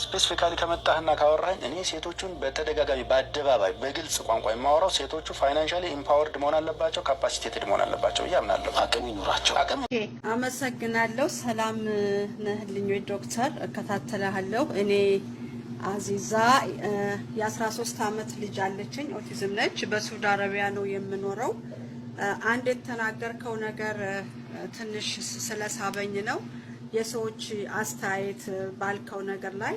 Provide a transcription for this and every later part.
ስፔሲፊካሊ ከመጣህና ካወራኝ እኔ ሴቶቹን በተደጋጋሚ በአደባባይ በግልጽ ቋንቋ የማወራው ሴቶቹ ፋይናንሻሊ ኢምፓወርድ መሆን አለባቸው፣ ካፓሲቴትድ መሆን አለባቸው እያምናለሁ። አቅም ይኑራቸው። አመሰግናለሁ። ሰላም ነህልኝ ዶክተር፣ እከታተልሃለሁ። እኔ አዚዛ የአስራ ሶስት አመት ልጅ አለችኝ። ኦቲዝም ነች። በሳውዲ አረቢያ ነው የምኖረው። አንድ የተናገርከው ነገር ትንሽ ስለሳበኝ ነው የሰዎች አስተያየት ባልከው ነገር ላይ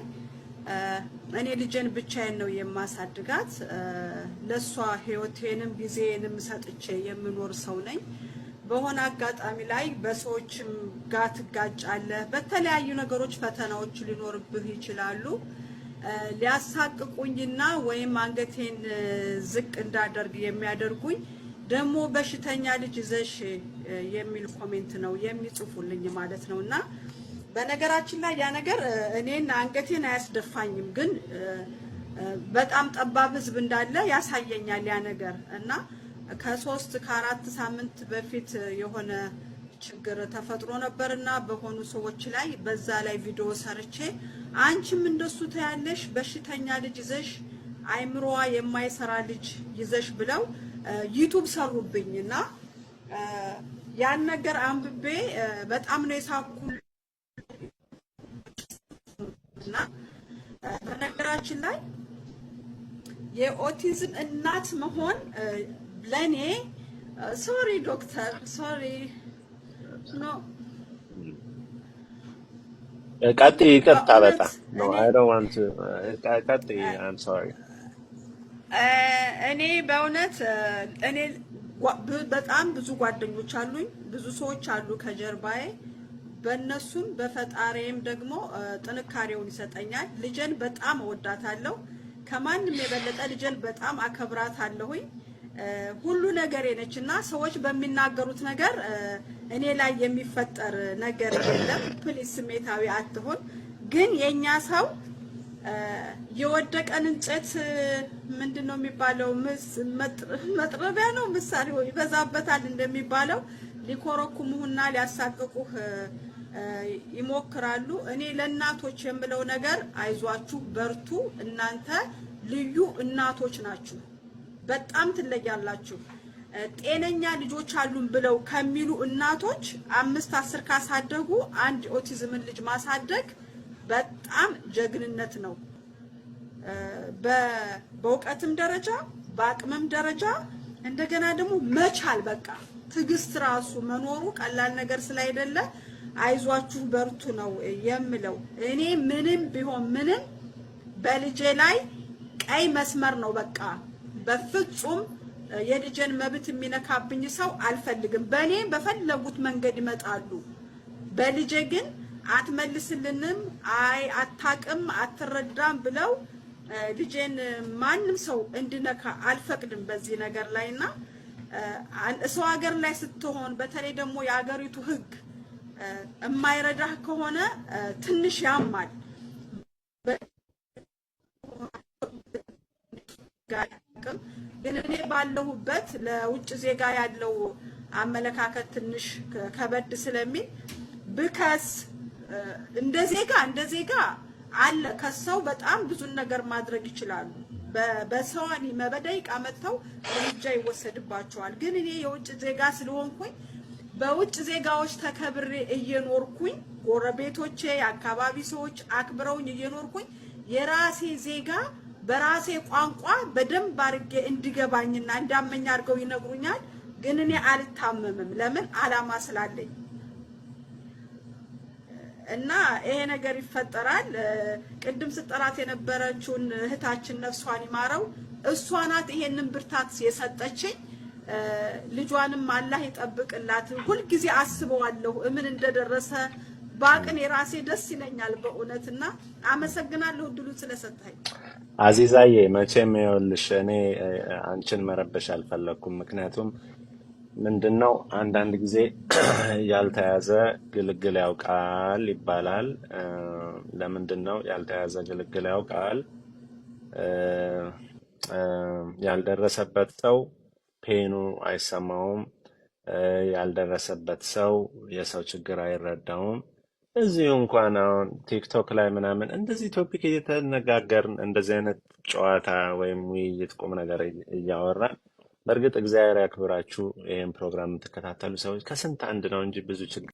እኔ ልጄን ብቻዬን ነው የማሳድጋት። ለእሷ ህይወቴንም ጊዜንም ሰጥቼ የምኖር ሰው ነኝ። በሆነ አጋጣሚ ላይ በሰዎችም ጋር ትጋጫለህ። በተለያዩ ነገሮች ፈተናዎች ሊኖርብህ ይችላሉ። ሊያሳቅቁኝና ወይም አንገቴን ዝቅ እንዳደርግ የሚያደርጉኝ ደግሞ በሽተኛ ልጅ ይዘሽ የሚል ኮሜንት ነው የሚጽፉልኝ ማለት ነው። እና በነገራችን ላይ ያ ነገር እኔን አንገቴን አያስደፋኝም፣ ግን በጣም ጠባብ ህዝብ እንዳለ ያሳየኛል ያ ነገር እና ከሶስት ከአራት ሳምንት በፊት የሆነ ችግር ተፈጥሮ ነበርና በሆኑ ሰዎች ላይ በዛ ላይ ቪዲዮ ሰርቼ አንቺም እንደሱ ተያለሽ በሽተኛ ልጅ ይዘሽ አይምሮዋ የማይሰራ ልጅ ይዘሽ ብለው ዩቱብ ሰሩብኝ እና ያን ነገር አንብቤ በጣም ነው የሳኩል እና በነገራችን ላይ የኦቲዝም እናት መሆን ለእኔ ሶሪ ዶክተር ሶሪ ኖ ቀጥ ይቅርታ በጣም ነው። አይ ዶንት ዋንት ቀጥይ። አም ሶሪ እኔ በእውነት እኔ በጣም ብዙ ጓደኞች አሉኝ፣ ብዙ ሰዎች አሉ ከጀርባዬ። በእነሱም በፈጣሪም ደግሞ ጥንካሬውን ይሰጠኛል። ልጄን በጣም እወዳታለሁ። ከማንም የበለጠ ልጄን በጣም አከብራታለሁኝ። ሁሉ ነገር ነች እና ሰዎች በሚናገሩት ነገር እኔ ላይ የሚፈጠር ነገር የለም። ፕሊስ ስሜታዊ አትሆን። ግን የኛ ሰው የወደቀን እንጨት ምንድን ነው የሚባለው? መጥረቢያ ነው ምሳሌ ይበዛበታል እንደሚባለው ሊኮረኩሙህና ሊያሳቅቁህ ይሞክራሉ። እኔ ለእናቶች የምለው ነገር አይዟችሁ፣ በርቱ። እናንተ ልዩ እናቶች ናችሁ። በጣም ትለያላችሁ። ጤነኛ ልጆች አሉን ብለው ከሚሉ እናቶች አምስት አስር ካሳደጉ አንድ ኦቲዝምን ልጅ ማሳደግ በጣም ጀግንነት ነው። በእውቀትም ደረጃ በአቅምም ደረጃ እንደገና ደግሞ መቻል በቃ ትዕግስት ራሱ መኖሩ ቀላል ነገር ስላይደለ አይዟችሁ በርቱ ነው የምለው። እኔ ምንም ቢሆን ምንም በልጄ ላይ ቀይ መስመር ነው በቃ በፍጹም የልጄን መብት የሚነካብኝ ሰው አልፈልግም። በእኔ በፈለጉት መንገድ ይመጣሉ። በልጄ ግን አትመልስልንም፣ አይ አታቅም፣ አትረዳም ብለው ልጄን ማንም ሰው እንድነካ አልፈቅድም በዚህ ነገር ላይ እና ሰው ሀገር ላይ ስትሆን በተለይ ደግሞ የሀገሪቱ ሕግ የማይረዳህ ከሆነ ትንሽ ያማል። ግን እኔ ባለሁበት ለውጭ ዜጋ ያለው አመለካከት ትንሽ ከበድ ስለሚል ብከስ እንደ ዜጋ እንደ ዜጋ አለ ከሰው በጣም ብዙ ነገር ማድረግ ይችላሉ። በሰዋኒ መበደቂቃ መጥተው እርምጃ ይወሰድባቸዋል። ግን እኔ የውጭ ዜጋ ስለሆንኩኝ በውጭ ዜጋዎች ተከብሬ እየኖርኩኝ ጎረቤቶቼ፣ የአካባቢ ሰዎች አክብረውኝ እየኖርኩኝ የራሴ ዜጋ በራሴ ቋንቋ በደንብ አድርጌ እንዲገባኝና እንዳመኝ አድርገው ይነግሩኛል። ግን እኔ አልታመምም። ለምን? አላማ ስላለኝ እና ይሄ ነገር ይፈጠራል። ቅድም ስጠራት የነበረችውን እህታችን ነፍሷን ይማረው፣ እሷ ናት ይሄንን ብርታት የሰጠችኝ። ልጇንም አላህ ይጠብቅላት። ሁልጊዜ አስበዋለሁ እምን እንደደረሰ ባቅን የራሴ ደስ ይለኛል በእውነትና አመሰግናለሁ እድሉን ስለሰጠኝ። አዚዛዬ መቼም ይኸውልሽ እኔ አንቺን መረበሽ አልፈለኩም ምክንያቱም ምንድን ነው አንዳንድ ጊዜ ያልተያዘ ግልግል ያውቃል ይባላል። ለምንድን ነው ያልተያዘ ግልግል ያውቃል? ያልደረሰበት ሰው ፔኑ አይሰማውም። ያልደረሰበት ሰው የሰው ችግር አይረዳውም። እዚሁ እንኳን አሁን ቲክቶክ ላይ ምናምን እንደዚህ ቶፒክ እየተነጋገርን እንደዚህ አይነት ጨዋታ ወይም ውይይት ቁም ነገር እያወራን በእርግጥ እግዚአብሔር ያክብራችሁ ይህን ፕሮግራም የምትከታተሉ ሰዎች ከስንት አንድ ነው እንጂ ብዙ ችግር